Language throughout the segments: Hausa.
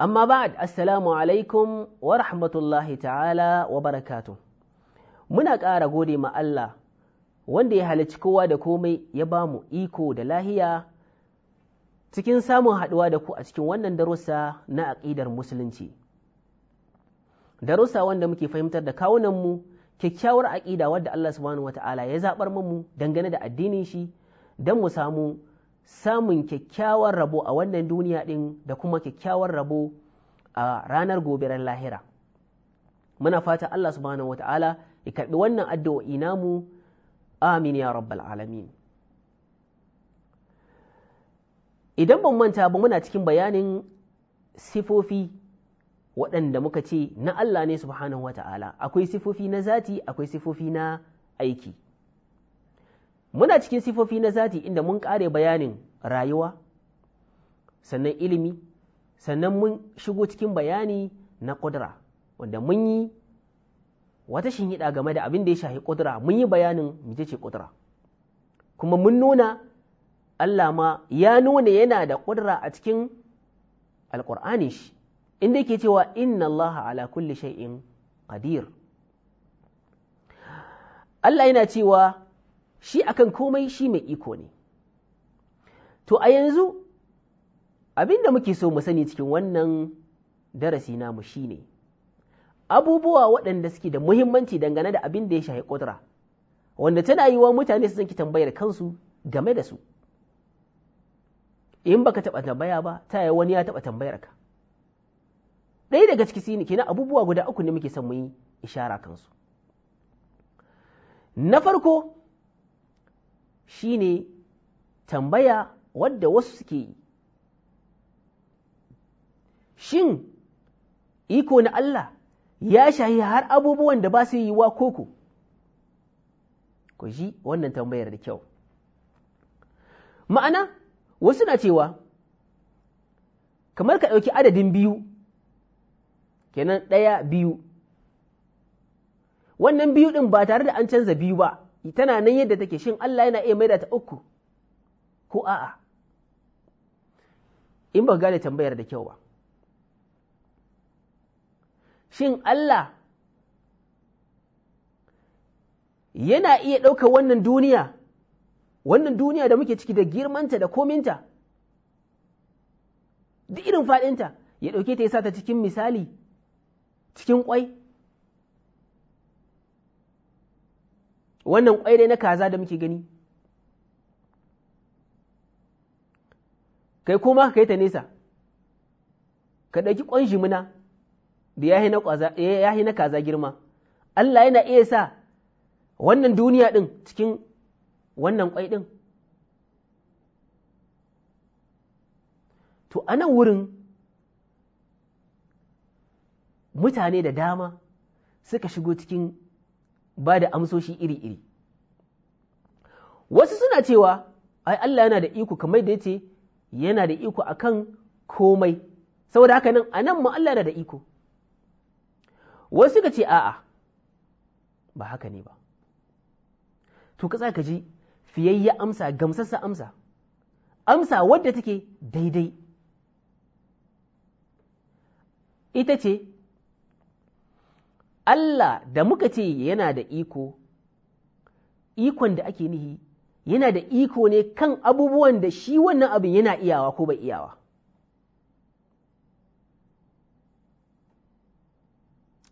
أما بعد assalamu alaikum wa rahmatullahi ta'ala wa barakatu muna ƙara gode ma Allah wanda ya halicci kowa da komai ya ba mu iko da lahiya cikin samun haɗuwa da ku a cikin wannan darussa na aƙidar musulunci darussa wanda muke fahimtar da kawunanmu kyakkyawar aƙida wadda Allah subhanahu wa ta'ala ya zaɓar mu dangane da addinin shi don mu samu samun kyakkyawar rabo a wannan duniya ɗin da kuma kyakkyawar rabo a ranar gobe goberar lahira muna fata Allah subhanahu ta'ala ya karɓi wannan addu'o'i namu amin ya rabbal alamin idan ban manta ba muna cikin bayanin sifofi waɗanda muka ce na Allah ne subhanahu ta'ala. akwai sifofi na zati akwai sifofi na aiki muna cikin sifofi na zati inda mun ƙare bayanin rayuwa sannan ilimi sannan mun shigo cikin bayani na ƙudura wanda mun yi wata shinhiɗa game da abin da ya shahi ƙudura mun yi bayanin mece ce ƙudura kuma mun nuna Allah ma ya nuna yana da ƙudura a cikin alƙur'ani shi inda yake cewa inna Allah ala kulli shay'in qadir Allah yana cewa shi akan komai shi mai iko ne to a yanzu Abinda da muke so mu sani cikin wannan darasi namu shine abubuwa waɗanda suke da muhimmanci dangane da abin da ya shahi ƙudura wanda tana yi mutane su zanki tambayar kansu game da su in baka taɓa tambaya ba ta yi wani ya taɓa tambayar ka ɗaya daga ciki shine kenan abubuwa guda uku ne muke son mu yi ishara kansu na farko shine tambaya wadda wasu suke yi shin iko na Allah ya shahi har abubuwan da ba su yi wa koko ku ji wannan tambayar da kyau ma'ana wasu na cewa kamar ka ɗauki adadin biyu kenan ɗaya biyu wannan biyu ɗin ba tare da an canza biyu ba tana nan yadda take shin Allah yana iya maida ta uku ko a'a in ba gane tambayar da kyau ba shin Allah yana iya ɗauka wannan duniya wannan duniya da muke ciki da girmanta da kominta duk irin faɗinta ya ɗauke ta sa ta cikin misali cikin kwai? wannan kwai dai na kaza da muke gani kai koma ka kai ta nesa ka ɗauki ƙwanshi Yahi da ya na kaza girma Allah yana iya sa wannan duniya ɗin cikin wannan kwai ɗin to a nan wurin mutane da dama suka shigo cikin ba da amsoshi iri-iri wasu suna cewa ai Allah yana da iko kamar da yace yana da iko a kan komai saboda haka nan a nan ma Allah yana da iko wasu ka ce a'a ba haka ne ba to ka ka ji fiyayya amsa gamsassa amsa amsa wadda take daidai ita ce Allah da muka ce yana da iko, ikon da ake nihi yana da iko ne kan abubuwan da shi wannan abin yana iyawa ko bai iyawa.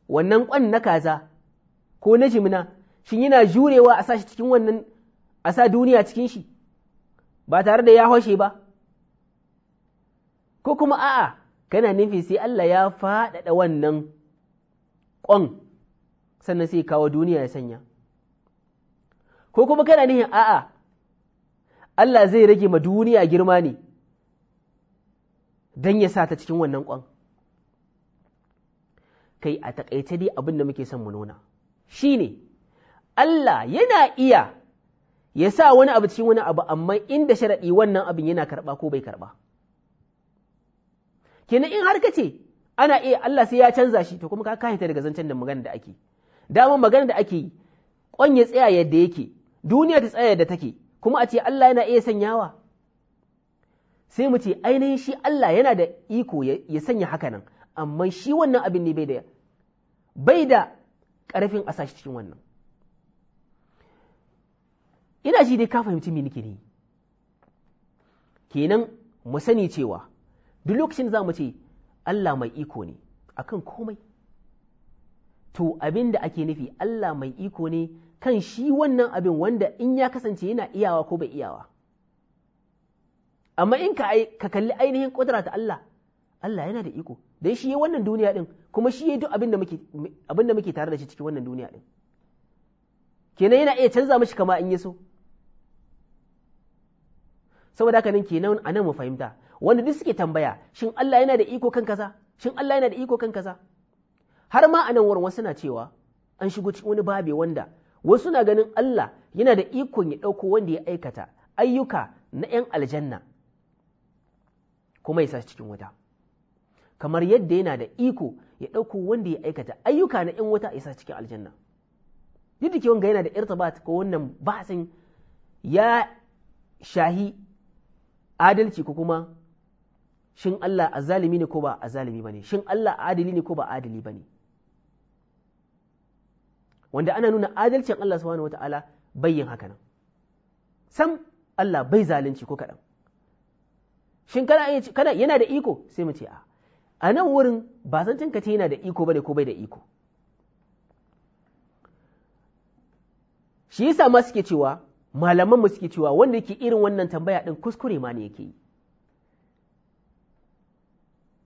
Wannan kwan na kaza ko na jimina, shi yana jurewa a sa cikin wannan a duniya cikin shi, ba tare da ya hoshe ba? Ko kuma a'a, kana nufi sai Allah ya faɗaɗa wannan ƙon sannan sai kawo duniya ya sanya ko kuma kana nihin a'a Allah zai rage ma duniya girma ne don ya sa ta cikin wannan ƙwan kai a takaice dai abin da muke son mu nuna shi ne Allah yana iya ya sa wani abu cikin wani abu amma inda sharaɗi wannan abin yana karɓa ko bai karɓa kenan in har ka ce ana iya Allah sai ya canza shi to kuma ka kahita daga zancen da magana da ake dama magana da ake yi ya tsaya yadda yake duniya ta tsaya da take kuma a ce Allah yana iya sanyawa sai mu ce ainihin shi Allah yana da iko ya sanya haka nan amma shi wannan abin ne bai da bai da ƙarfin a sashi cikin wannan ina shi dai ka fahimci me nake ne kenan mu sani cewa duk lokacin za mu ce Allah mai iko ne a kan komai to abin da ake nufi Allah mai iko ne kan shi wannan abin wanda in ya kasance yana iyawa ko bai iyawa amma in ka kalli ainihin kudura ta Allah Allah yana da iko don shi wannan duniya din kuma shi yi duk abin da muke tare da shi cikin wannan duniya din kenan yana iya canza mashi kama in yi so saboda haka nan kenan anan mu fahimta wanda duk suke tambaya shin Allah yana da iko kan kaza shin Allah yana da iko kan kaza har ma anan wurin wasu na cewa an shigo cikin wani babe wanda wasu na ganin Allah yana da ikon ya ɗauko wanda ya aikata ayyuka na 'yan aljanna kuma ya sa cikin wuta kamar yadda yana da iko ya ɗauko wanda ya aikata ayyuka na 'yan wuta ya sa cikin aljanna duk da wanga yana da irtibat ko wannan bahasin ya shahi adalci ko kuma shin Allah azalimi ne ko ba azalimi bane shin Allah adili ne ko ba adili bane wanda ana nuna adalcin Allah subhanahu wata'ala bayyin haka nan sam Allah bai zalunci ko kaɗan shin kana kana yana da iko sai mu ce a a nan wurin ba san tinka yana da iko bane ko bai da iko shi yasa ma suke cewa malaman mu suke cewa wanda yake irin wannan tambaya din kuskure ma ne yake yi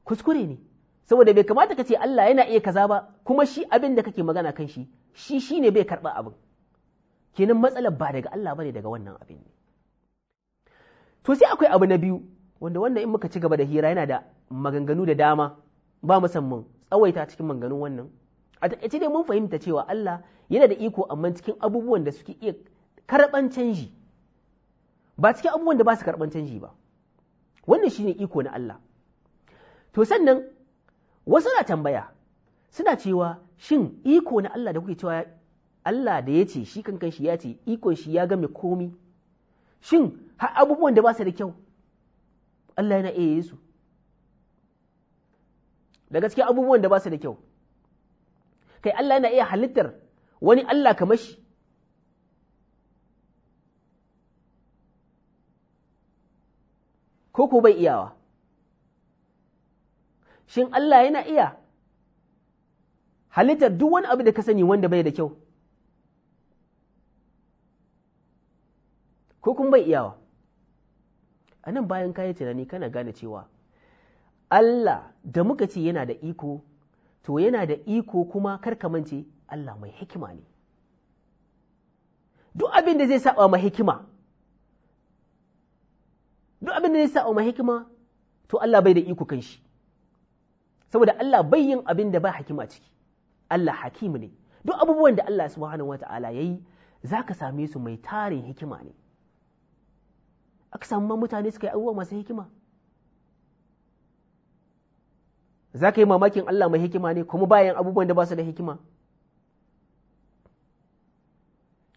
kuskure ne saboda bai kamata ka ce Allah yana iya kaza ba kuma shi abin da kake magana kan shi shi shine bai karba abin kenan matsalar ba daga Allah bane daga wannan abin ne to sai akwai abu na biyu wanda wannan in muka ci gaba da hira yana da maganganu da dama ba musamman tsawaita cikin maganganun wannan a taƙaice dai mun fahimta cewa Allah yana da iko amma cikin abubuwan da suke iya karban canji ba cikin abubuwan da ba su karɓan canji ba wannan shine iko na Allah to sannan wasu na tambaya suna cewa shin iko na Allah da kuke cewa Allah da ya ce shi kankan shi ya ce ikon shi ya game komi shin har abubuwan da ba su da kyau Allah yana iya yi su daga cikin abubuwan da ba su da kyau kai Allah yana iya halittar wani Allah kamar shi ko ko bai iyawa shin Allah yana iya halittar duk wani abu da ka sani wanda bai da kyau ko kun bai iyawa a nan bayan kayan tunani kana gane cewa Allah da muka ce yana da iko to yana da iko kuma karkamance Allah mai hikima ne duk abin da zai saba ma hikima duk abin da zai saba ma hikima to Allah bai da iko kan shi saboda Allah bai yin abin da ba hakima ciki Allah Hakim ne duk abubuwan da Allah subhanahu wata'ala za ka same su mai tarin hikima ne aka samu mutane suka yi abubuwa masu hikima za ka yi mamakin Allah mai hikima ne kuma bayan abubuwan da ba su da hikima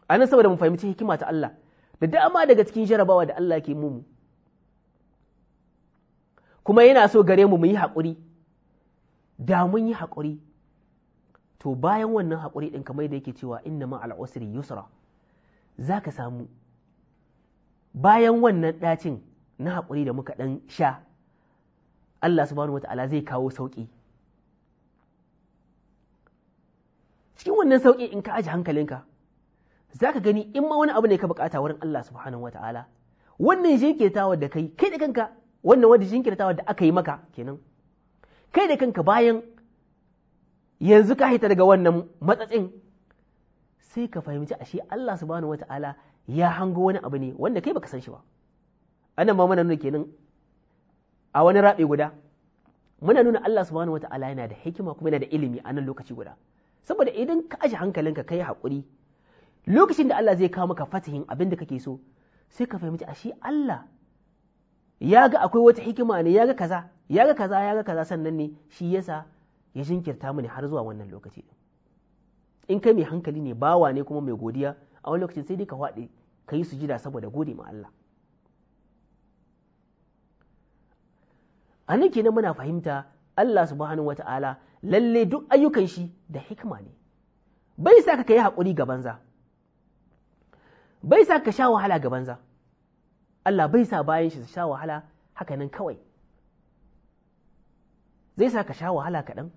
a nan saboda mu fahimci hikima ta Allah da dama daga cikin jarabawa da Allah ke mumu kuma yana so gare mu mu yi haƙuri da mun yi haƙuri to bayan wannan haƙuri ɗin kamar da yake cewa inna ma al'usri yusra za ka samu bayan wannan ɗacin na haƙuri da muka ɗan sha Allah subhanahu wata'ala zai kawo sauƙi cikin wannan sauƙi in ka aji hankalinka za ka gani in ma wani abu ne ka bukata wurin Allah subhanahu wata'ala wannan jinkirtawa da kai kai da kanka wannan wanda jinkirtawa da aka yi maka kenan kai da kanka bayan yanzu ka hita daga wannan matsatsin sai ka fahimci ashe Allah subhanahu wata'ala ya hango wani abu ne wanda kai baka san shi ba anan ma muna nuna kenan a wani rabe guda muna nuna Allah subhanahu wata'ala yana da hikima kuma yana da ilimi a nan lokaci guda saboda idan ka aje hankalinka kai hakuri lokacin da Allah zai kawo maka fatihin abin da kake so sai ka fahimci ashe Allah ya ga akwai wata hikima ne ya ga kaza ya ga kaza ya ga kaza sannan ne shi yasa ya jinkirta mu ne har zuwa wannan lokaci in kai mai hankali ne bawa ne kuma mai godiya a wani lokacin sai dai ka faɗi ka yi sujida saboda gode ma Allah a nan kenan muna fahimta Allah subhanahu wata'ala lalle duk ayyukan shi da hikima ne bai sa ka yi haƙuri ga banza bai sa ka sha wahala ga banza Allah bai sa bayan shi su sha wahala haka nan kawai zai sa ka sha wahala kaɗan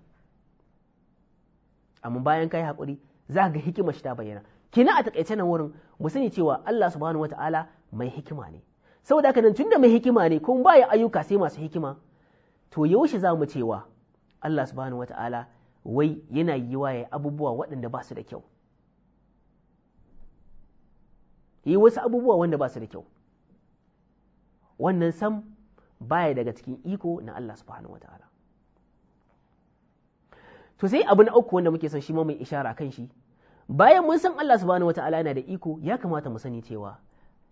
amma bayan ka yi haƙuri za ga hikima shi ta bayyana kina a takaice nan wurin mu sani cewa Allah subhanahu wata'ala mai hikima ne saboda haka nan tunda mai hikima ne kuma baya ayyuka sai masu hikima to yaushe za mu cewa Allah subhanahu wata'ala wai yana yi ya abubuwa waɗanda ba su da kyau yi wasu abubuwa wanda ba su da kyau wannan sam baya daga cikin iko na Allah subhanahu ta’ala. to sai abu na uku wanda muke son shi ma mai ishara kan shi bayan mun san Allah subhanahu ta’ala yana da iko ya kamata mu sani cewa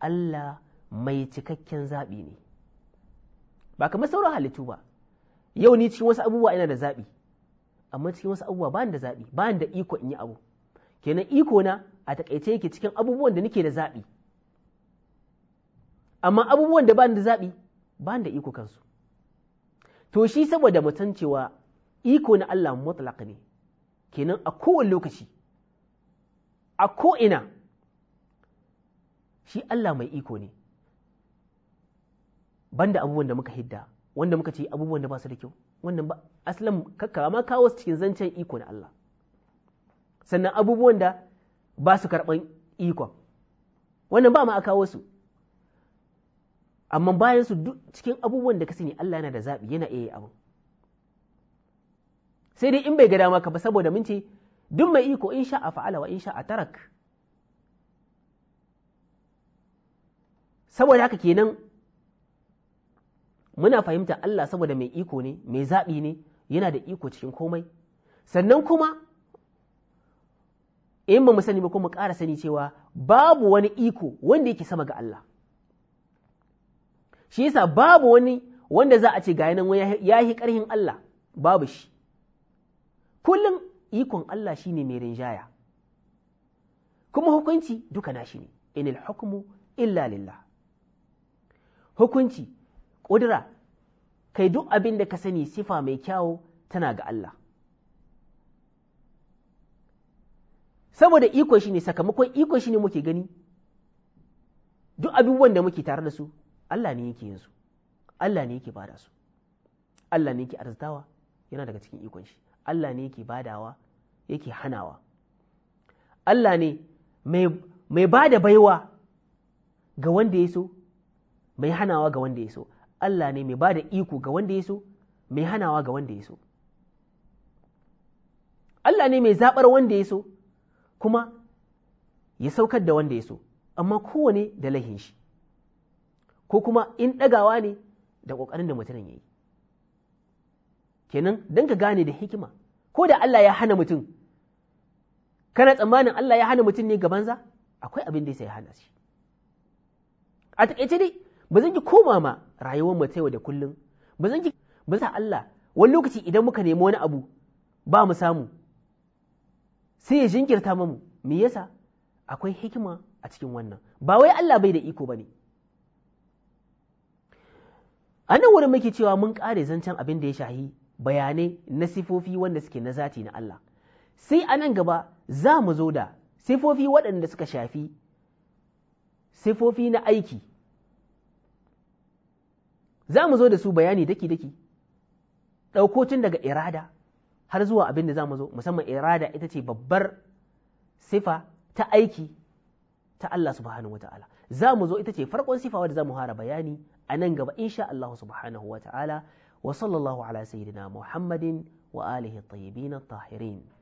Allah mai cikakken zaɓi ne ba kamar sauran halittu ba yau ni cikin wasu abubuwa ina da zaɓi amma cikin wasu abubuwa ba da zaɓi ba da iko in yi abu kenan iko na a takaice yake cikin abubuwan da nake da zaɓi amma abubuwan da ba da zaɓi ba da iko kansu to shi saboda mutan cewa iko na Allah mutlaq ne kenan a kowane lokaci a ko'ina shi Allah mai iko ne banda abubuwan da muka hidda wanda muka ce abubuwan da ba su da kyau wannan ba aslan kakka ma kawo su cikin zancen iko na Allah sannan abubuwan da ba su karɓan ikon wannan ba ma a kawo su amma bayan su duk cikin abubuwan da ka sani Allah yana da zaɓi yana iya abu. sai dai in bai ga dama ka ba saboda mun ce duk mai iko in sha a fa'ala wa in sha a tarak saboda haka kenan muna fahimta Allah saboda mai iko ne mai zaɓi ne yana da iko cikin komai sannan kuma in ba mu sani ba kuma ƙara sani cewa babu wani iko wanda yake sama ga Allah shi yasa babu wani wanda za a ce ga nan ya yi karhin Allah babu shi kullum ikon Allah shine mai rinjaya kuma hukunci duka nashi ne inil hukumu illa lillah hukunci ƙudura kai duk abin da ka sani sifa mai kyawo tana ga Allah saboda iko ne sakamakon iko ne muke gani duk abubuwan da muke tare da su Allah ne yake yin su Allah ne yake bada su Allah ne yake arzitawa yana daga cikin ikon shi Allah ne yake badawa yake hanawa Allah ne mai bada baiwa ga wanda ya so mai hanawa ga wanda ya so Allah ne mai ba iko ga wanda ya so mai hanawa ga wanda ya so Allah ne mai zabar wanda ya so kuma ya saukar da wanda ya so amma kowane da lahin shi ko kuma in ɗagawa ne da ƙoƙarin da mutumin ya yi kenan don ka gane da hikima ko da Allah ya hana mutum kana tsammanin Allah ya hana mutum ne gabanza akwai abin da ya hana shi a taƙaice dai ba zan ki koma ma rayuwar mu ta yau da kullum ba zan ki ba sa Allah wani lokaci idan muka nemi wani abu ba mu samu sai ya jinkirta mamu me yasa akwai hikima a cikin wannan ba wai Allah bai da iko bane a nan wurin muke cewa mun ƙare zancen abin da ya shahi bayanai na sifofi wanda suke na zati na Allah sai a nan gaba za mu zo da sifofi waɗanda suka shafi sifofi na aiki za mu zo da su bayani daki-daki ɗauko tun daga irada har zuwa abin da za mu zo musamman irada ita ce babbar sifa ta aiki ta Allah subhanahu wa ta'ala za mu zo ita ce farkon sifa wadda za mu fara bayani a nan gaba insha Allah subhanahu wa ta'ala wa sallallahu ala sayyidina Muhammadin wa alihi tayyibin tahirin